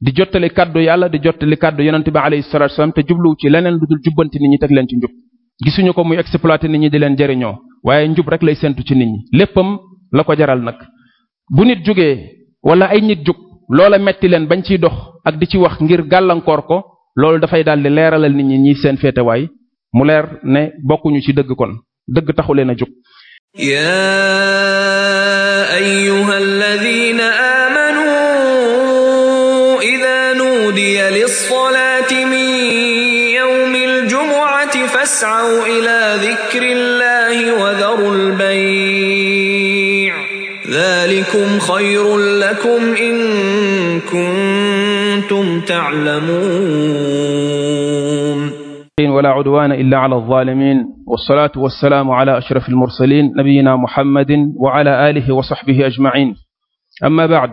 di jottali kàddu yàlla di jottali kàddu yonente bi alayhi salatu wasallam te jubluwu ci leneen lu dul jubbanti nit ñi teg leen ci njub gisuñu ko muy exploité nit ñi di leen jëriñoo waaye njub rek lay séntu ci nit ñi léppam la ko jaral nag bu nit jógee wala ay nit jóg loola metti leen bañ ciy dox ak di ci wax ngir gàllankoor ko loolu dafay daal di leeralal nit ñi ñi seen féetewaay mu leer ne bokkuñu ci dëgg kon dëgg taxu leen a jóg. yaa ayyuhal ladina فاسعوا إلى ذكر الله وذروا البيع ذلكم خير لكم إن كنتم تعلمون ولا عدوان إلا على الظالمين والصلاة والسلام على أشرف المرسلين نبينا محمد وعلى آله وصحبه أجمعين أما بعد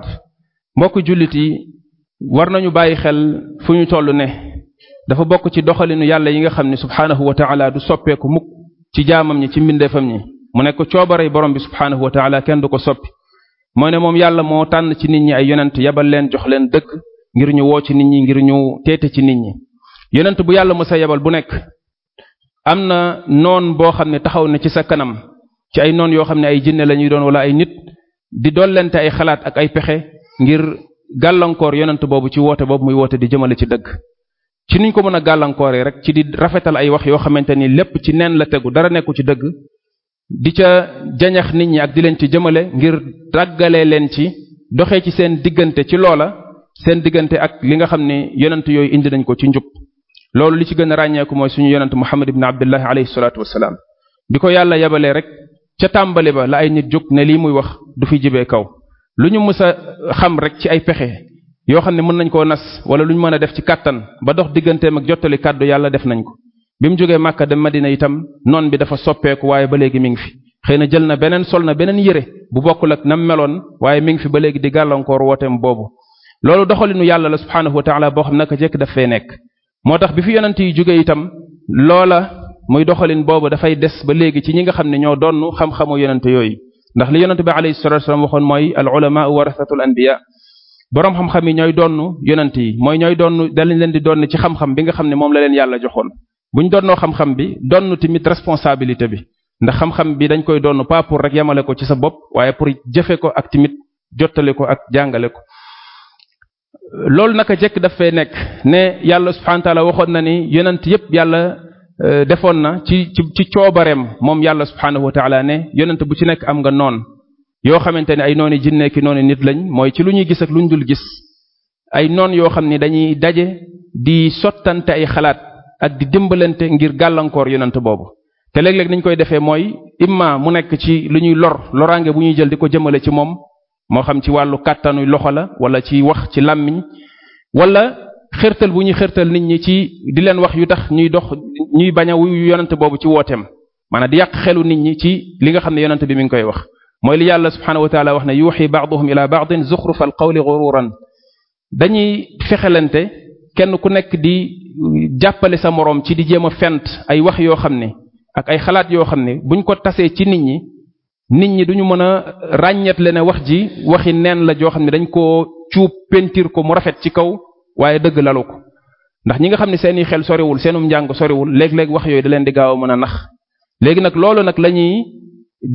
mbokk jullit yi war nañu bàyyi xel fu ñu toll ne dafa bokk ci doxalinu yàlla yi nga xam ne subhaanahu wa taala du soppeeku mukk ci jaamam ñi ci mbindeefam ñi mu nekk coobarey borom bi subhaanahu wa taala kenn du ko soppi mooy ne moom yàlla moo tànn ci nit ñi ay yonent yabal leen jox leen dëgg ngir ñu woo ci nit ñi ngir ñu teete ci nit ñi yonent bu yàlla mësa yabal bu nekk am na noon boo xam ne taxaw na ci sa kanam ci ay noon yoo xam ne ay jinne la ñuy doon wala ay nit di dollente ay xalaat ak ay pexe ngir gàllankoor yonent boobu ci woote boobu muy woote di jëmale ci dëgg ci niñ ko mën a gàllankooree rek ci di rafetal ay wax yoo xamante ni lépp ci neen la tegu dara nekku ci dëgg di ca jañax nit ñi ak di leen ci jëmale ngir dàggalee leen ci doxee ci seen diggante ci loola seen diggante ak li nga xam ne yonent yooyu indi nañ ko ci njub loolu li ci gën a ràññeeku mooy suñu yonent Muhammad ibn Abdullahi alayhi salaatu wasalaam bi ko yàlla yebalee rek ca tàmbali ba la ay nit jóg ne lii muy wax du fi jibee kaw lu ñu mës a xam rek ci ay pexe yoo xam ne mën nañ koo nas wala lu ñu mën a def ci kàttan ba dox digganteem ak jottali kàddu yàlla def nañ ko bi mu jógee Màkka dem Madina itam noon bi dafa soppeeku waaye ba léegi mi ngi fi xëy na jël na beneen sol na beneen yére bu bokkul ak nam meloon waaye mi ngi fi ba léegi di gàllankoor wooteem boobu loolu doxalinu yàlla la subhaanahu wa taala boo xam naka jekk daf fay nekk moo tax bi fi yonent yi jógee itam loola muy doxalin boobu dafay des ba léegi ci ñi nga xam ne ñoo doon xam-xamu yonent yooyu ndax mooy al boroom xam-xam yi ñooy donn yonent yi mooy ñooy donn dalañ leen di donn ci xam-xam bi nga xam ne moom la leen yàlla joxoon bu buñ donnoo xam-xam bi donn tamit responsabilité bi ndax xam-xam bi dañ koy donn pas pour rek yemale ko ci sa bopp waaye pour jëfe ko ak tamit jottale ko ak jàngale ko loolu naka jekk daf fee nekk ne yàlla subhanahu waxoon na ni yonent yépp yàlla euh, defoon na ci ci ci coobareem moom yàlla subhanahu wa taala ne yonent bu ci nekk am nga yoo xamante ne ay noonu jinne ki noonu nit lañ mooy ci lu ñuy gis ak lu ñu dul gis ay noon yoo xam ni dañuy daje di sottante ay xalaat ak di dimbalante ngir gàllankoor yonent boobu te léeg-léeg niñ koy defee mooy imma mu nekk ci lu ñuy lor loraange bu ñuy jël di ko jëmale ci moom moo xam ci wàllu kàttanu loxo la wala ci wax ci làmmiñ wala xërtal bu ñuy xërtal nit ñi ci di leen wax yu tax ñuy dox ñuy bañ a wuyu yonent boobu ci wooteem maanaam di yàq xelu nit ñi ci li nga xam ne yonent bi mi ngi koy wax mooy li yàlla subxanahu wa taala wax ne yuuxi baaduhum ila baadin zuxrufa al qawli gururan dañuy fexelante kenn ku nekk di jàppale sa moroom ci di jéem a fent ay wax yoo xam ne ak ay xalaat yoo xam ne buñ ko tasee ci nit ñi nit ñi duñu mën a ràññetle ne wax ji waxi neen la joo xam ne dañ koo cuub pentir ko mu rafet ci kaw waaye dëgg lalu ko ndax ñi nga xam ne seeni xel soriwul seenum njàng soriwul léeg-léeg wax yooyu da leen di gaaw a mën a nax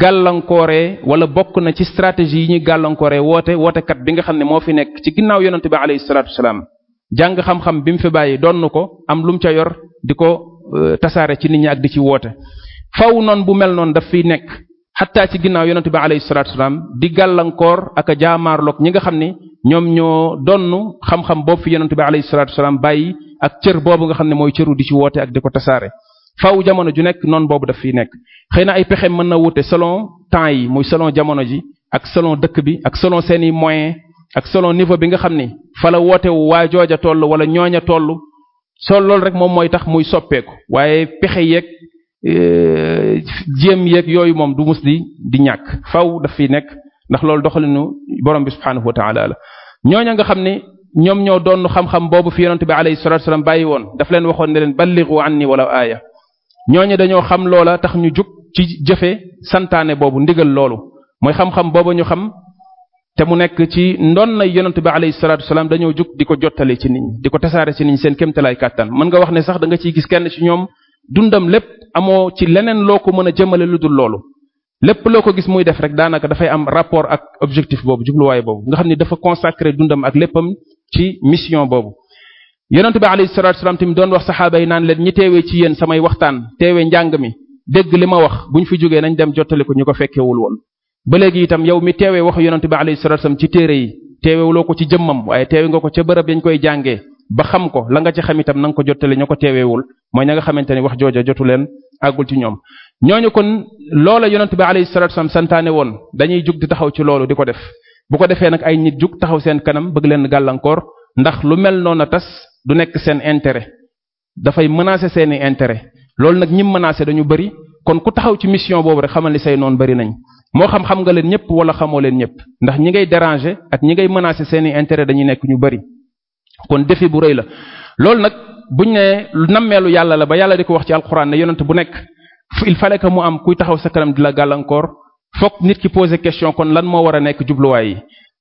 gàllankoore wala bokk na ci stratégie yi ñuy gàllankoore woote woote kat bi nga xam ne moo fi nekk ci ginnaaw yonante bi alayhi salaatu wasalaam jàng bi mu fi bàyyi doon ko am lu mu ca yor di ko euh, tasaare ci nit ñi ak di ci woote faw noon bu mel noon daf fi nekk xataa ci ginnaaw yonante bi alayhi salaatu wasalaam di gàllankoor ak a jaamaarloog ñi nga xam ne ñoom ñoo donn xam-xam boobu fi yonante bi alayhi salaatu wasalaam bàyyi ak cër boobu nga xam ne mooy cëru di ci woote ak di ko tasaare faw jamono ji nekk noon boobu daf fi nekk xëy na ay pexe mën na wute selon temps yi muy selon jamono ji ak selon dëkk bi ak selon seeni moyen ak selon niveau bi nga xam ni fa la wootewu waa jooja toll wala ñooña toll soo loolu rek moom mooy tax muy soppeeku waaye pexe yeeg e, jéem yeeg yooyu moom du mus di di ñàkk faw daf nekk ndax loolu doxalinu borom bi subhaanahu wa taala la ñooña nga xam ni ñoom ñoo doon xam-xam boobu fi yonente bi alayhi salatu wasalam bàyyi woon daf leen waxoon ne leen balligu ni wala aaya ñooñe dañoo xam loola tax ñu jug ci jëfe santaane boobu ndigal loolu mooy xam-xam booba ñu xam te mu nekk ci ndon nay yonent bi alayhi salaatu salaam dañoo jug di ko jottale ci nit di ko tasaare ci nit ñi seen kéemtalaay kàttan mën nga wax ne sax da nga ciy gis kenn ci ñoom dundam lépp amoo ci leneen loo ko mën a jëmale lu dul loolu lépp loo ko gis muy def rek daanaka dafay am rapport ak objectif boobu jubluwaay boobu nga xam ni dafa consacré dundam ak léppam ci mission boobu yonent bi alayhi salaatu salaam tamit doon wax saxaaba naan leen ñi teewee ci yéen samay waxtaan teewee njàng mi dégg li ma wax bu ñu fi jógee nañ dem jottali ko ñu ko fekkewul woon ba léegi itam yow mi teewee waxu yonent bi alayhi salaatu salaam ci téere yi teewewuloo ko ci jëmmam waaye teewe nga ko ca bërëb yañ koy jàngee ba xam ko la nga ci xam itam na nga ko jottali ñu ko teeweewul mooy ña nga xamante ni wax jooja jotu leen àggul ci ñoom ñooñu kon loola yonent bi alayhi salaatu salaam santaane woon dañuy jug di taxaw ci loolu di ko def bu ko defee ay nit jug taxaw seen kanam bëgg leen gàllankoor ndax lu mel noona tas du nekk seen intérêt dafay menacer seeni intérêt loolu nag ñim menacer dañu bëri kon ku taxaw ci mission boobu rek xamal ni say noon bëri nañ moo xam xam nga leen ñëpp wala xamoo leen ñëpp ndax ñi ngay déranger ak ñi ngay menacer seeni intérêt dañuy nekk ñu bari kon defi bu rëy la loolu nag buñ ne nammeelu yàlla la ba yàlla di ko wax ci alxuraan ne yonent bu nekk il fallait que mu am kuy taxaw sa kanam di la gàllankoor fokk nit ki poser question kon lan moo war a nekk jubluwaay yi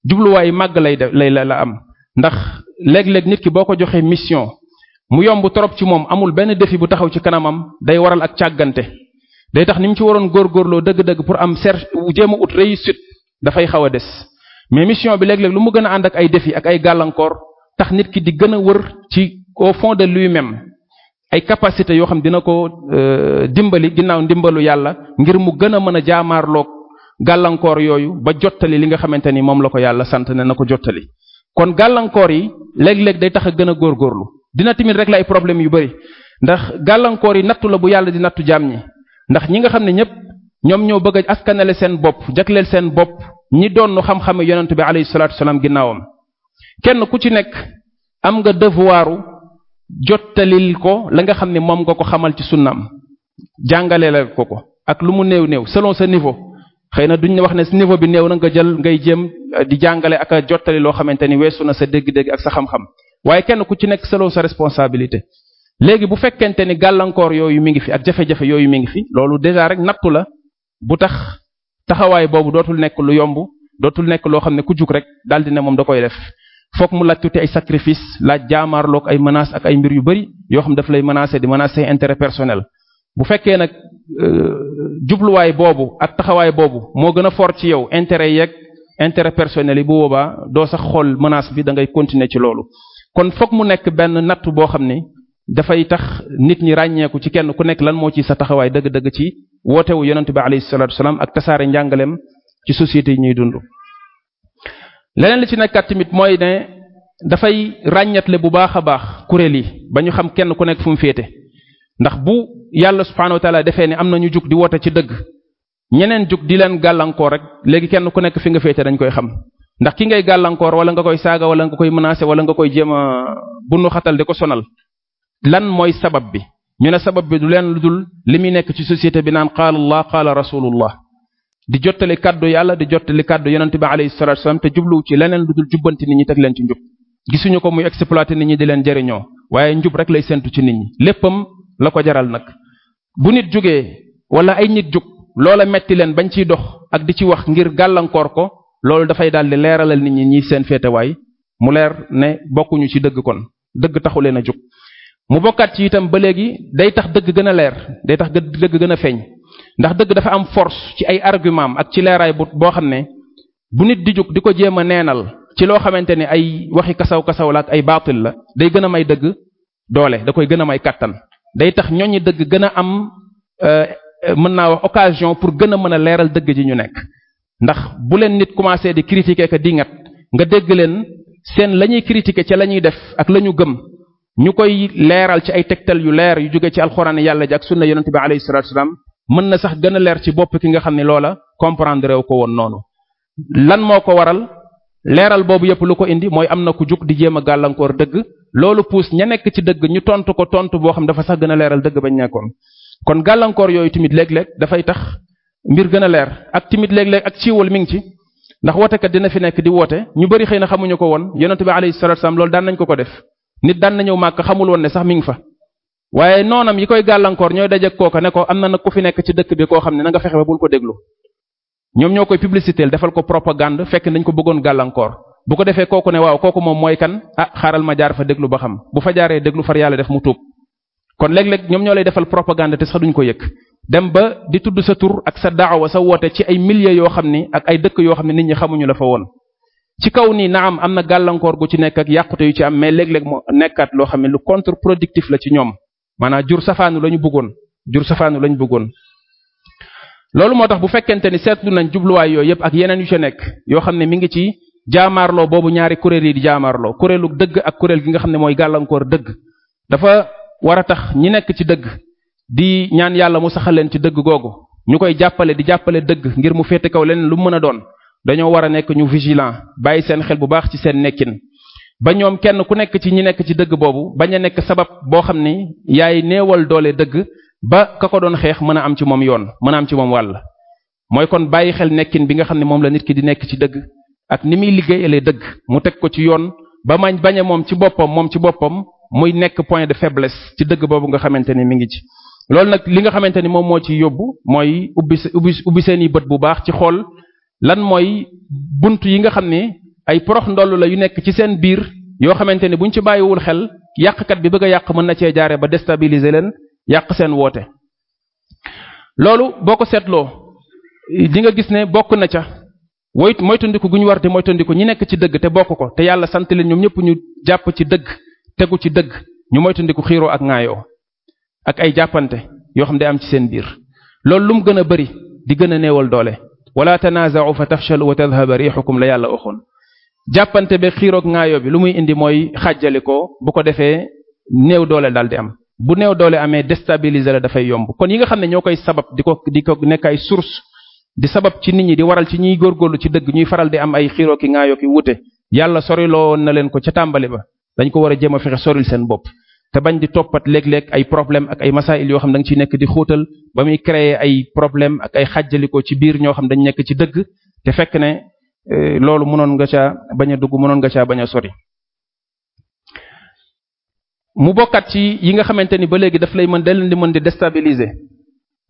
jubluwaay yi màgg lay lay la am léeg-léeg nit ki boo ko joxee mission mu yomb trop ci moom amul benn défi bu taxaw ci kanamam day waral ak càggante day tax ni mu ci waroon góor góorloo dëgg-dëgg pour am cer jéem a ut réussite dafay xaw a des mais mission bi léeg-léeg lu mu gën a ànd ak ay défi ak ay gàllankoor tax nit ki di gën a wër ci au fond de lui-même ay capacité yoo xam dina ko euh, dimbali ginnaaw ndimbalu yàlla ngir mu gën a mën a jaamaarloog gàllankoor yooyu ba jottali li nga xamante ni moom la ko yàlla sant ne na ko jottali kon gàllankoor yi léeg-léeg day tax a gën a góorlu dina tamit rek la ay problème yu bari ndax gàllankoor yi nattu la bu yàlla di nattu jaam ñi ndax ñi nga xam ne ñépp ñoom ñoo bëgg a askanale seen bopp jagleel seen bopp ñi doon nu xam-xame yonent bi alayhi salaatu salaam ginnaawam kenn ku ci nekk am nga devoiru jottalil ko la nga xam ne moom nga ko xamal ci sunnaam jàngale la ko ko ak lu mu néew néew selon sa niveau xëy na duñ wax ne si niveau bi néew na nga jël ngay jéem euh, di jàngale ak a jottali loo xamante ni weesu na sa dégg-dégg ak sa xam-xam waaye kenn ku ci nekk selon sa responsabilité. léegi bu fekkente ni gàllankoor yooyu mi ngi fi ak jafe-jafe yooyu mi ngi fi loolu déjà rek nattu la bu tax taxawaay boobu dootul nekk lu yomb dootul nekk loo xam ne ku jug rek di ne moom da koy def. fokk mu laaj tuuti ay sacrifice laaj jaamaarloog ay menaces ak ay mbir yu bari yoo xam daf lay menacer di menacer intérêt personnel bu fekkee nag Euh, jubluwaay boobu ak taxawaay boobu moo gën a fort ci yow intérêt yeeg intérêt personnel yi bu boobaa doo sax xool menace bi da ngay continuer ci loolu kon fokk mu nekk benn natt boo xam ni dafay tax nit ñi ràññeeku ci kenn ku nekk lan moo ci sa taxawaay dëgg-dëgg ci wootewu yonent bi alayhi salaatu salaam ak tasaare njàngaleem ci société yi ñuy dund. leneen li ci nekkat tamit mooy ne dafay ràññeetle bu baax a baax kuréel yi ba ñu xam kenn ku nekk fu féete. ndax bu yàlla subhaanahu wa taala defee ne am na ñu jug di woote ci dëgg ñeneen jug di leen gàllankoor rek léegi kenn ku nekk fi nga féete dañ koy xam ndax ki ngay gàllankoor wala nga koy saaga wala nga koy menacer wala nga koy jéem a bunu xatal di ko sonal lan mooy sabab bi ñu ne sabab bi du leen lu dul li muy nekk ci société bi naan qaala allah qaala rasulullah di jottali kàddu yàlla di jottali kàddu yonente bi alayhi salatu wasalam te jubluwu ci leneen lu dul jubbanti nit ñi teg leen ci njub gisuñu ko muy exploiter nit ñi di leen jëriñoo waaye njub la ko jaral nag bu nit jógee wala ay nit jóg loola metti leen bañ ciy dox ak di ci wax ngir gàllankoor ko loolu dafay daldi leeralal nit ñi ñi seen féetewaay mu leer ne bokkuñu ci dëgg kon dëgg taxu leen a jóg mu bokkaat ci itam ba léegi day tax dëgg gën a leer day tax dëgg gën a feeñ ndax dëgg dafa am force ci ay argument ak ci leeraay bu boo xam ne bu nit di jóg di ko jéem a neenal ci loo xamante ne ay waxi kasaw kasaw la ak ay baatil la day gën a may dëgg doole da koy gën a may kàttan day tax ñooñu dëgg gën a am euh, euh, mën naa wax occasion pour gën a mën a leeral dëgg ji ñu nekk ndax bu leen nit commencé di critiquer que di ngat nga dégg leen seen la ñuy critiquer ca la ñuy def ak la ñu gëm ñu koy leeral ci ay tegtal yu leer yu jóge ci alxuraan yàlla ji ak sunna yonent bi alayhi salatu wasalaam mën na sax gën a leer ci bopp ki nga xam ne loola comprendre wu ko woon noonu lan moo ko waral leeral boobu yëpp lu ko indi mooy am na ku jug di jéem a gàllankoor dëgg loolu puus ña nekk ci dëgg ñu tontu ko tontu boo xam dafa sax gën a leeral dëgg bañ nekkoon kon gàllankoor yooyu tamit léeg-léeg dafay tax mbir gën a leer ak tamit léeg-léeg ak siiwal mi ngi ci ndax wootekat dina fi nekk di woote ñu bari xëy na xamuñu ko woon yonente bi alayhi salatu wasallam daan nañ ko ko def nit daan na ñëw màkk xamul woon ne sax mi ngi fa waaye noonam yi koy gàllankoor ñooy dajeeg kooka ne ko am na na ku fi nekk ci dëkk bi koo xam ne na fexe ba bul ko déglu ñoom ñoo koy publicitéel defal ko propagande fekk nañ ko bëggoon gàllankoor bu ko defee kooku ne waaw kooku moom mooy kan ah xaaral ma jaar fa déglu ba xam bu fa jaaree déglu far yàlla def mu tuub kon léeg-léeg ñoom ñoo lay defal propagande te sax duñ ko yëg dem ba di tudd sa tur ak sa daawa sa woote ci ay milliers yoo xam ni ak ay dëkk yoo xam ne nit ñi xamuñu la fa woon. ci kaw nii na am na gàllankoor gu ci nekk ak yàqute yu ci am mais léeg-léeg mu nekkaat loo xam ne lu contre productif la ci ñoom maanaam jur safaanu lañu bëggoon jur safaanu lañu bëggoon. loolu moo tax bu ak yeneen yu ca nekk yoo xam ne mi ngi jaamaarloo boobu ñaari kuréel yi di jaamaarloo kuréelu dëgg ak kuréel gi nga xam ne mooy gàllankoor dëgg dafa war a tax ñi nekk ci dëgg di ñaan yàlla mu saxal leen ci dëgg googu ñu koy jàppale di jàppale dëgg ngir mu féete kaw leen lu mën a doon dañoo war a nekk ñu vigilant bàyyi seen xel bu baax ci seen nekkin ba ñoom kenn ku nekk ci ñi nekk ci dëgg boobu bañ a nekk sabab boo xam ni yaay néewal doole dëgg ba ka ko doon xeex mën a am ci moom yoon mën a moom wàll mooy bi nga xam ne moom la nit ki di nekk ci dëgg ak ni muy liggéeyalee dëgg mu teg ko ci yoon ba mañ bañ moom ci boppam moom ci boppam muy nekk point de faiblesse ci dëgg boobu nga xamante ni mu ngi ci. loolu nag li nga xamante ni moom moo ci yóbbu mooy ubbi ubbi ubbi seen i bët bu baax ci xool lan mooy bunt yi nga xam ni ay porox ndollu la yu nekk ci seen biir yoo xamante ni buñ ci bàyyiwul xel yàqkat bi bëgg a yàq mën na cee jaare ba déstabiliser leen yàq seen woote. loolu boo ko seetloo di gis ne bokk na ca. woy moytandiku gu ñu war di moytandiku ñi nekk ci dëgg te bokk ko te yàlla sant leen ñoom ñëpp ñu jàpp ci dëgg tegu ci dëgg ñu moytandiku xiiroo ak ŋaayoo ak ay jàppante yoo xam day am ci seen biir loolu lum gën a bëri di gën a néewal doole wala tanaaza'u fa tafshalu wa tadhhaba riixukum la yàlla waxoon jàppante be xiiroog ŋaayoo bi lu muy indi mooy xàjjalikoo bu ko defee néew doole dal di am bu néew doole amee déstabiliser la dafay yomb kon yi nga xam ne ñoo koy sabab di ko di ko nekk ay source di sabab ci nit ñi di waral ci ñiy góorgóorlu ci dëgg ñuy faral di am ay xiiroo ki ŋaayoo ki wute yàlla soriloo woon na leen ko ca tàmbali ba dañ ko war a jéem a fexe soril seen bopp te bañ di toppat léeg-léeg ay problème ak ay masail yoo xam da nga ciy nekk di xóotal ba muy créer ay problème ak ay xàjjalikoo ci biir ñoo xam dañ nekk ci dëgg te fekk ne eh, loolu mënoon nga ca bañ a dugg mënoon nga caa bañ a sori mu bokkat ci yi nga xamante ni ba léegi daf lay mën da di mën di déstabiliser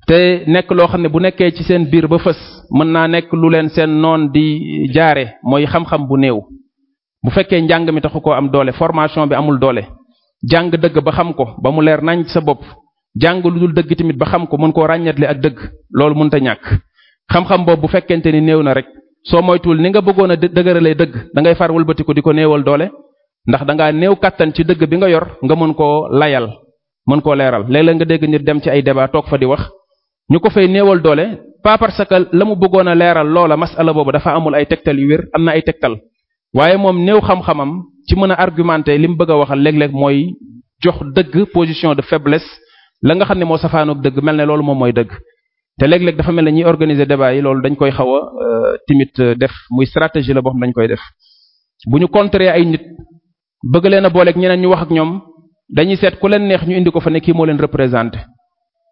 te nekk loo xam ne bu nekkee ci seen biir ba fës mën naa nekk lu leen seen noon di jaare mooy xam-xam bu néew bu fekkee njàng mi taxu ko am doole formation bi amul doole jàng dëgg ba xam ko ba mu leer nañ sa bopp jàng lu dul dëgg tamit ba xam ko mën koo ràññatle ak dëgg loolu mënta ñàkk xam-xam boobu bu fekkente ni néew na rek soo moytuwul ni nga bëggoon a dëgëralee dëgg dangay far wëlbatiku di ko néewal doole ndax dangaa néew kàttan ci dëgg bi nga yor nga mën koo layal mën koo leeral léeg nga dégg nit dem ci ay débat toog fa di wax ñu ko fay néewal doole pas parce que la mu bëggoona leeral loola masala boobu dafa amul ay tegtal yu wér am na ay tegtal waaye moom néew xam-xamam ci mën a argumente li mu bëgg a waxal léeg-léeg mooy jox dëgg position de faiblesse la nga xam ne moo safaanoog dëgg mel ne loolu moom mooy dëgg te léeg-léeg dafa mel ne ñuy organiser débat yi loolu dañ koy xaw a euh, timit def muy stratégie la boo xam dañ koy def bu ñu contrer ay nit bëgg leen a booleeg ñeneen ñu wax ak ñoom dañuy seet ku leen neex ñu indi ko fa ne moo leen représenter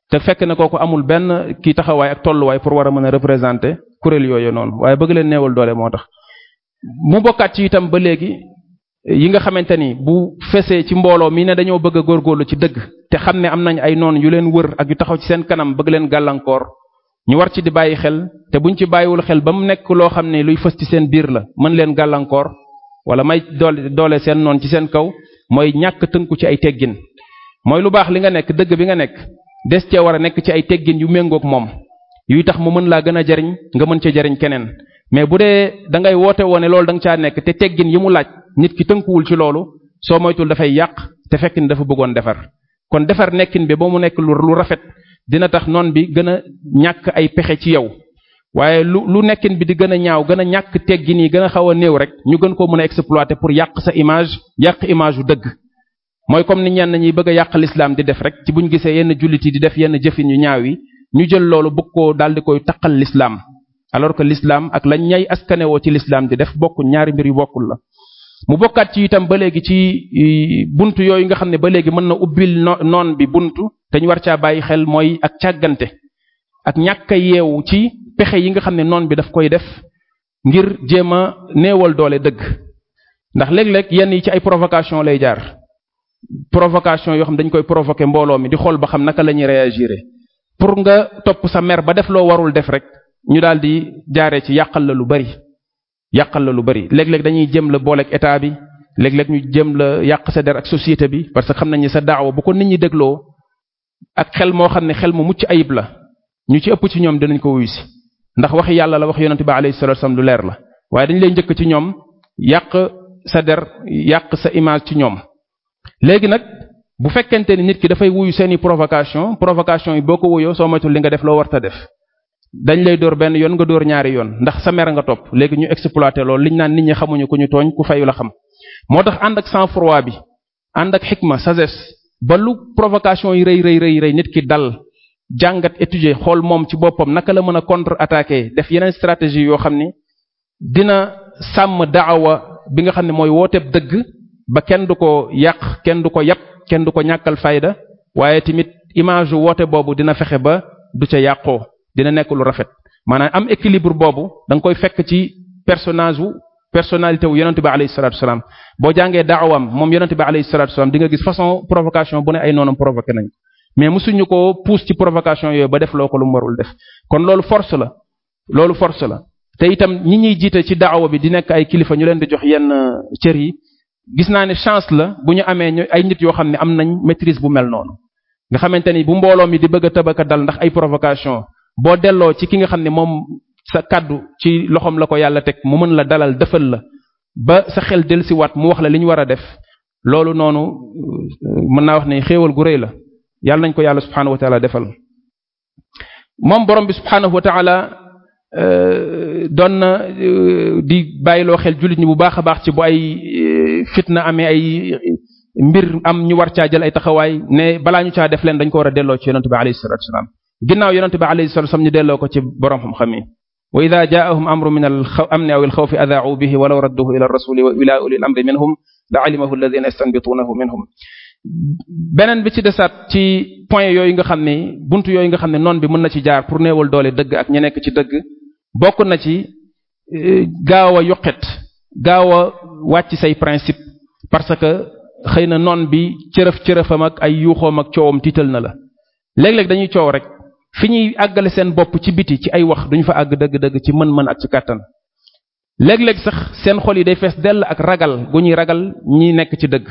te fekk na kooku amul benn kii taxawaay ak tolluwaay pour war a mën a représenter kuréel yooyu noonu waaye bëgg leen neewal doole moo tax. mu bokkaat ci itam ba léegi yi nga xamante ni bu fesee ci mbooloo mi ne dañoo bëgg a góorgóorlu ci dëgg te xam ne am nañ ay noon yu leen wër ak yu taxaw ci seen kanam bëgg leen gàllankoor ñu war ci di bàyyi xel te buñ ci bàyyiwul xel ba mu nekk loo xam ne luy fës ci seen biir la mën leen gàllankoor wala may doole doole seen noon ci seen kaw mooy ñàkk tënku ci ay teggin mooy lu baax li nga nekk dëgg bi nga nekk. des cee war a nekk ci ay teggin yu méngook moom yuy tax mu mën laa gën a jariñ nga mën ca jariñ keneen mais bu dee dangay woote woone loolu da nga caa nekk te teggin yi mu laaj nit ki tënkuwul ci loolu soo moytul dafay yàq te fekk ni dafa bëggoon defar kon defar nekkin bi ba mu nekk lu lu rafet dina tax noon bi gën a ñàkk ay pexe ci yow waaye lu lu nekkin bi di gën a ñaaw gën a ñàkk teggin yi gën a xaw a néew rek ñu gën koo mën a exploiter pour yàq sa image yàq image yu dëgg mooy comme ni ñenn nañuy bëgg yàq lislaam di def rek ci buñ gisee yenn jullit yi di def yenn jëfin yu ñaaw yi ñu jël loolu bëgg koo daal di koy taqal lislaam alors que lislaam ak lañ ñay askanewoo ci lislaam di def bokku ñaari mbir yu bokkul la mu bokkaat ci itam ba léegi ci bunt yooyu nga xam ne ba léegi mën na ubbil noon bi buntu te ñu war caa bàyyi xel mooy ak càggante ak ñàkk a yeewu ci pexe yi nga xam ne noon bi daf koy def ngir jéem a néewal doole dëgg ndax léeg-léeg yenn yi ci ay provocation lay jaar provocation yoo xam dañ koy provoquer mbooloo mi di xool ba xam naka la ñuy réagir pour nga topp sa mer ba def loo warul def rek ñu daal di jaaree ci yàqal la lu bari yàqal la lu bari léeg-léeg dañuy jëm la booleeg état bi léeg-léeg ñu jëm la yàq sa der ak société bi parce que xam nañ sa daawa bu ko nit ñi dégloo ak xel moo xam ne xel mu mucc ayib la ñu ci ëpp ci ñoom dinañ ko wuyu ndax waxi yàlla la wax yonent bi alayhi salatu wasallam lu leer la waaye dañ lay njëkk ci ñoom yàq sa der yàq sa image ci ñoom léegi nag bu fekkente ni nit ki dafay wuyu seeni provocation provocation yi boo ko wuyoo soo moytul li nga def loo warta def dañ lay dóor benn yoon nga dóor ñaari yoon ndax sa mer nga topp léegi ñu exploité loolu liñ naan nit ñi xamuñu ku ñu tooñ ku fayu la xam moo tax ànd ak sang-froid bi ànd ak xikma sagesse ba lu provocation yi rey rëy rëy rëy nit ki dal jàngat étudier xool moom ci boppam naka la mën a contre attaquer def yeneen stratégie yoo xam ni dina sàmm daawa bi nga xam ne mooy wooteeb dëgg ba kenn du ko yàq kenn du ko yàpp kenn du ko ñàkkal fayda waaye tamit image woote boobu dina fexe ba du ca yàqoo dina nekk lu rafet maanaam am équilibre boobu danga koy fekk ci personnage wu personnalité wu yonente tu alayhi salatu wasalaam boo jàngee daawam moom yonente bi alayhi salatu wasalaam di nga gis façon provocation bu ne ay noonam provoqué nañ mais musuñu ko pousse ci provocation yooyu ba def loo ko lu mu warul def kon loolu force la loolu force la te itam ñi ñuy jiite ci daawa bi di kilifa ñu leen di jox yenn cër yi gis naa ne chance la bu ñu amee ñu ay nit yoo xam ne am nañ maîtrise bu mel noonu nga xamante ni bu mbooloo mi di bëgg a tëbaka dal ndax ay provocation boo delloo ci ki nga xam ne moom sa kàddu ci loxoom la ko yàlla teg mu mën la dalal defal la ba sa xel dellusiwaat mu wax la li ñu war a def loolu noonu euh, mën naa wax ne xéewal gu rëy la yàlla nañ ko yàlla subhaanahu wa taala defal moom borom bi subhaanahu Euh, doon na euh, di bàyyiloo xel jullit ñi bu baax a baax ci bu ay euh, fitna amee ay mbir am ñu war caa jël ay taxawaay ne bala ñu caa def leen dañ ko wara delloo ci yonent bi alayhi salatu wasalaam ginnaaw yonent bi alayhi salatu ñu delloo ko ci borom xam-xam yi wa ida jaahum amru min al amni aw al xawfi adaau bihi walaw radduhu ila rasuli wa ila ulil amri minhum la alimahu alladina yastanbitunahu minhum beneen bi ci desaat ci point yooyu nga xam ne buntu yooyu nga xam ne noon bi mën na ci jaar pour néewal doole dëgg ak ñi nekk ci dëgg bokk na ci eh, gaaw a yoqet gaaw a wàcc say principe parce que xëy na noon bi cërëf cërëfam ak ay yuuxoom ak coowam tiital na la léeg-léeg dañuy coow rek fi ñuy àggale seen bopp ci biti ci ay wax duñu fa àgg dëgg-dëgg ci mën-mën ak ci kàttan léeg-léeg sax seen xol yi day fees dell ak ragal gu ñuy ragal ñi nekk ci dëgg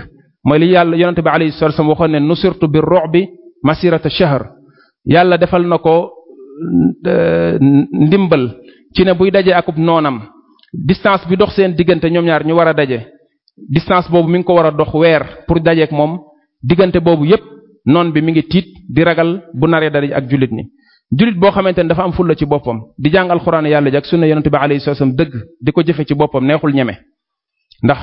mooy li yàlla yonente bi alayhi salatu wasallam waxoon ne nusirtu bi ru'bi masirata shahr yàlla defal na ko eh, ndimbal ci ne buy dajee akub noonam distance bi dox seen diggante ñoom ñaar ñu war a daje distance boobu mi ngi ko war a dox weer pour dajeek moom diggante boobu yépp noon bi mi ngi tiit di ragal bu naree dara ak jullit ni jullit boo xamante ne dafa am fulla ci boppam di jàngal alxuraan yàlla ji ak sunna yonente bi alayhi salaam dëgg di ko jëfe ci boppam neexul ñeme ndax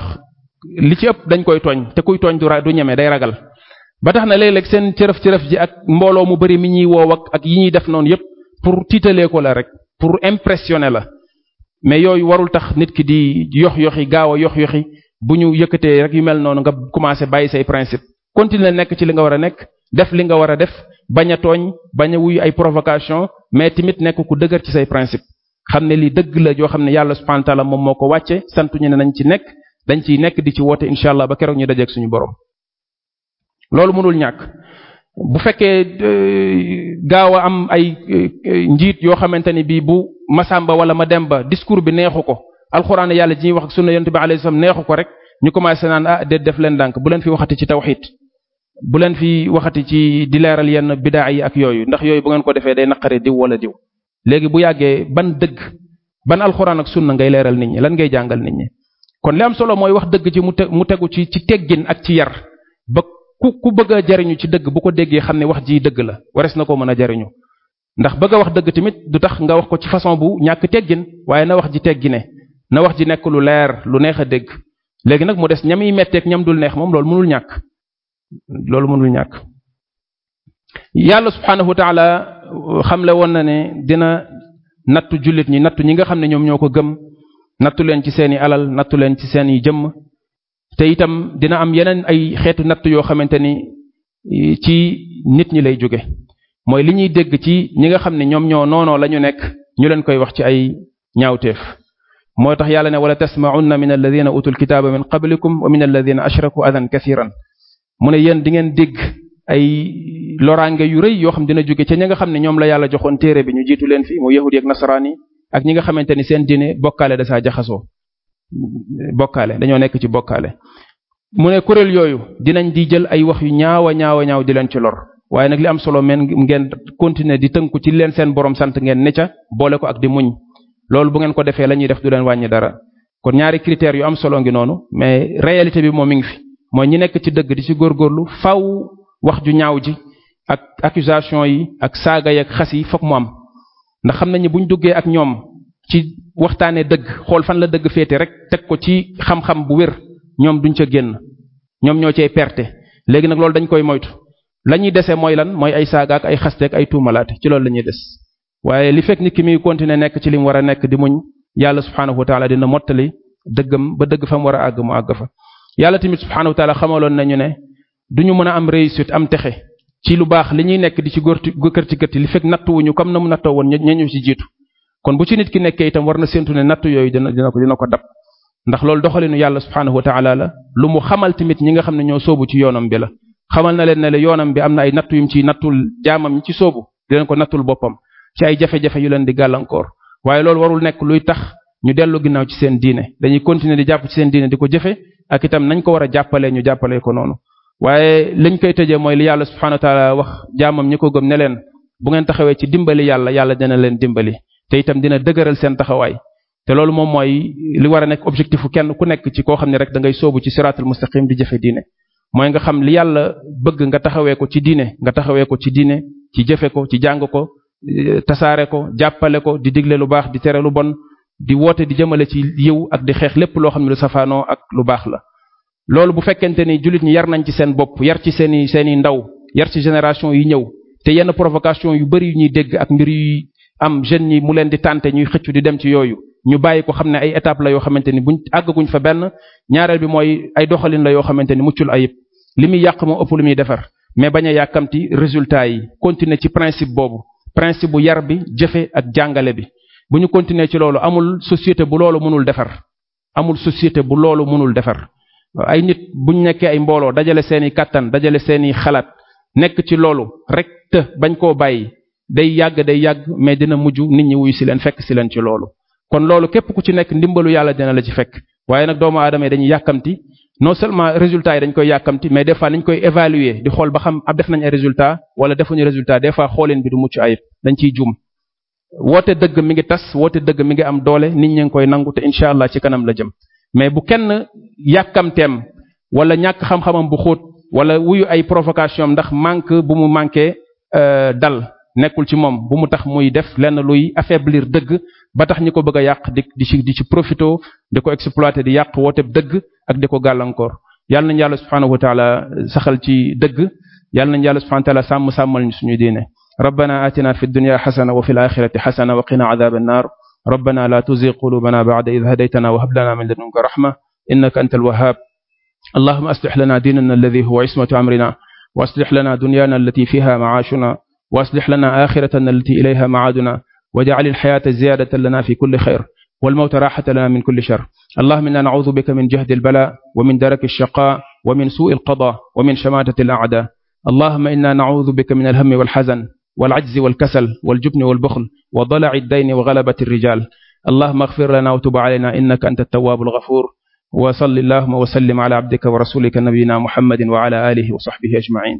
li ci ëpp dañ koy tooñ te kuy tooñ du ñeme day ragal ba tax na léeg-léeg seen cërëf cërëf ji ak mbooloo mu bari mi ñuy woow ak ak yi ñuy def noonu yépp pour tiitalee ko la rek pour impressionner la mais yooyu warul tax nit ki di yox yoxi gaaw a yox yoxi bu ñu yëkkatee rek yu mel noonu nga commencé bàyyi say principe continuer nekk ci li nga war a nekk def li nga war a def bañ a tooñ bañ a wuyu ay provocation mais tamit nekk ku dëgër ci say principe xam ne lii dëgg la yoo xam ne yàlla subhanahu wa moom moo ko wàcce ñu ne nañ ci nekk dañ ciy nekk di ci woote incha allah ba keroog ñu dajeek suñu borom loolu mënul ñàkk bu fekkee euh, gaaw a am ay euh, njiit yoo xamante ni bii bu Masamba wala Mademba discours bi neexu ko alxuraan yàlla ji ñuy wax ak sunna yonent bi alayhi salaam neexu ko rek ñu commencé naan ah de def leen dànk bu leen fi waxati ci tawxiid bu leen fi waxati ci di leeral yenn bidaa yi ak yooyu ndax yooyu bu ngeen ko defee day naqari diw wala diw léegi bu yàggee ban dëgg ban alxuraan ak sunna ngay leeral nit ñi lan ngay jàngal nit ñi kon li am solo mooy wax mu te ci ci teggin ak ci yar ku ku bëgg jariñu ci dëgg bu ko déggee xam ne wax jii dëgg la wares na ko mën a jariñu ndax bëgg wax dëgg tamit du tax nga wax ko ci façon bu ñàkk teggin waaye na wax ji teggine na wax ji nekk lu leer lu neex a dégg léegi nag mu des ñam yi metteeg ñam dul neex moom loolu mënul ñàkk loolu mënul ñàkk yàlla subhaanahu wa taala xamle woon na ne dina nattu jullit ñi nattu ñi nga xam ne ñoom ñoo ko gëm nattu leen ci seeni alal nattu leen ci seeni jëmm te itam dina am yeneen ay xeetu natt yoo xamante ni ci nit ñu lay jóge mooy li ñuy dégg ci ñi nga xam ne ñoom ñoo noonoo la ñu nekk ñu leen koy wax ci ay ñaawteef moo tax yàlla ne wala tasmaunna min alladina utul kitaaba min qablikum wa min alladina ashraku adan kasiran mu ne yéen di ngeen dégg ay loraange yu rëy yoo xam dina jóge ci ñi nga xam ne ñoom la yàlla joxon téere bi ñu jiitu leen fi mu yahudi ak nasaraan ak ñi nga xamante ni seen diine bokkaale da saa jaxasoo bokkaale dañoo nekk ci bokkaale mu ne kuréel yooyu dinañ di jël ay wax yu ñaawa ñaawa ñaaw di leen ci lor waaye nag li am solo men ngeen continuer di tënku ci leen seen borom sant ngeen ne ca boole ko ak di muñ loolu bu ngeen ko defee la ñuy def du leen wàññi dara kon ñaari critères yu am solo ngi noonu mais réalité bi moom mi ngi fi mooy ñi nekk ci dëgg di ci góorgóorlu faw wax ju ñaaw ji ak accusation yi ak saaga yi ak xas yi fokk mu am ndax xam nañu buñ duggee ak ñoom waxtaanee dëgg xool fan la dëgg féete rek teg ko ci xam-xam bu wér ñoom duñ ca génn ñoom ñoo cee perte léegi nag loolu dañ koy moytu la ñuy desee mooy lan mooy ay saagaak ay xasteek ay tuumalaate ci loolu la ñuy des waaye li fekk nit ki muy continuer nekk ci li mu war a nekk di muñ yàlla subhaanahu wa taala dina mottali dëggam ba dëgg fa mu war a àgg mu àgg fa yàlla tamit subhaanahu wa taala loon nañu ne duñu mën a am réussite am texe ci lu baax li ñuy nekk di ci góor kërti kërti li fekk nattuwuñu comme na mu nattoo woon ña ñu ci jiitu kon bu ci nit ki nekkee itam war na séntu ne natt yooyu dina dina ko dina ko dab ndax loolu doxalinu yàlla subhaanahu wa taala la lu mu xamal tamit ñi nga xam ne ñoo soobu ci yoonam bi la xamal na leen ne yoonam bi am na ay nattu yum ci nattul jaamam ñi ci soobu di ko nattul boppam ci ay jafe-jafe yu leen di gàllankoor waaye loolu warul nekk luy tax ñu dellu ginnaaw ci seen diine dañuy continuer di jàpp ci seen diine di ko jëfe ak itam nañ ko war a jàppalee ñu jàppalee ko noonu waaye liñ koy tëjee mooy li yàlla subhaanahu wax jaamam ñi ko gëm ne leen bu ngeen taxawee ci dimbali yàlla yàlla dina leen dimbali te itam dina dëgëral seen taxawaay te loolu moom mooy li war a nekk objectifu kenn ku nekk ci koo xam ne rek da ngay soobu ci siraatul mustaqim di jëfe diine mooy nga xam li yàlla bëgg nga taxawee ko ci diine nga taxawee ko ci diine ci jëfe ko ci jàng ko eh, tasaare ko jàppale ko di digle lu baax di tere lu bon di woote di jëmale ci yiw ak di xeex lépp loo xam ne lu safaanoo ak lu baax la loolu bu fekkente ni jullit ñi yar nañ ci seen bopp yar ci seeni seeni ndaw yar génération yi ñëw am jeunes yi mu leen di tànte ñuy xëccu di dem ci yooyu ñu bàyyi ko xam ne ay étape la yoo xamante ni buñ àggaguñ fa benn ñaareel bi mooy ay doxalin la yoo xamante ni muccul ayib li muy yàq moo ëpp lu muy defar mais bañ a yàkkamti résultat yi continuer ci principe boobu principe bu yar bi jëfe ak jàngale bi bu ñu continuer ci loolu amul société bu loolu mënul defar amul société bu loolu mënul defar ay nit nekkee ay mbooloo dajale seeni kàttan dajale seeni xalaat nekk ci loolu rek bañ koo bàyyi day yàgg day yàgg mais dina mujj nit ñi wuyu si leen fekk si leen ci loolu kon loolu képp ku ci nekk ndimbalu yàlla dina la ci fekk waaye nag doomu aadama yi dañuy yàkkamti non seulement résultat yi dañ koy yàkkamti mais des fois nañ koy évaluer xool ba xam ab def nañ ay wala defuñu résultat des fois xooleen bi du mucc ayib dañ ciy jum woote dëgg mi ngi tas woote dëgg mi ngi am doole nit ñi ngi koy nangu te allah ci kanam la jëm mais bu kenn yàkkamteem wala ñàkk xam-xamam bu xóot wala wuyu ay provocation ndax manque bu mu manqué euh, dal nekkul ci moom bu mu tax muy def lenn luy affaiblir dëgg ba tax ñi ko bëgg a yàq di di di ci profito di ko exploiter di yàq wooteb dëgg ak di ko gàllankoor yàlla nañu yàlla subhaanahu wa taala saxal ci dëgg yàlla nañu yàlla subhaanahu wa taala sàmm sàmmal ñu suñu diine rabbana atina fi dunya xasana wa fi l axirati xasana wa qina adab annaar rabbana la tuzig qulubana bacda id hadaytana wa hab lana min ladunka a innaka anta alwahab allahuma aslix lana diinana alladi huwa ismatu amrina wa aslix lana dunyana allati wa aslix lana axiratana allati ilayha macaaduna wajcal ilxayaata ziyaadatan lana fi kulli xayr walmawta raaxata lana min kulli shar allahuma inna nacuudu bika min jahdi albala wa min daraki alshaqa wa min suui alqada wa min shamaatati alacda allahuma inna nacuudu bika min alhammi walxazan walcajzi walkasal waljubni walbuxl wa dalaci addayni wa galabati alrijal allahuma axfir lana wa tub calayna innaka anta altawaabu algafuur wa salli allahuma wa sallim ala abdika wa rasulika nabiyina muhammadin wa ala alihi wa saxbihi ajmacin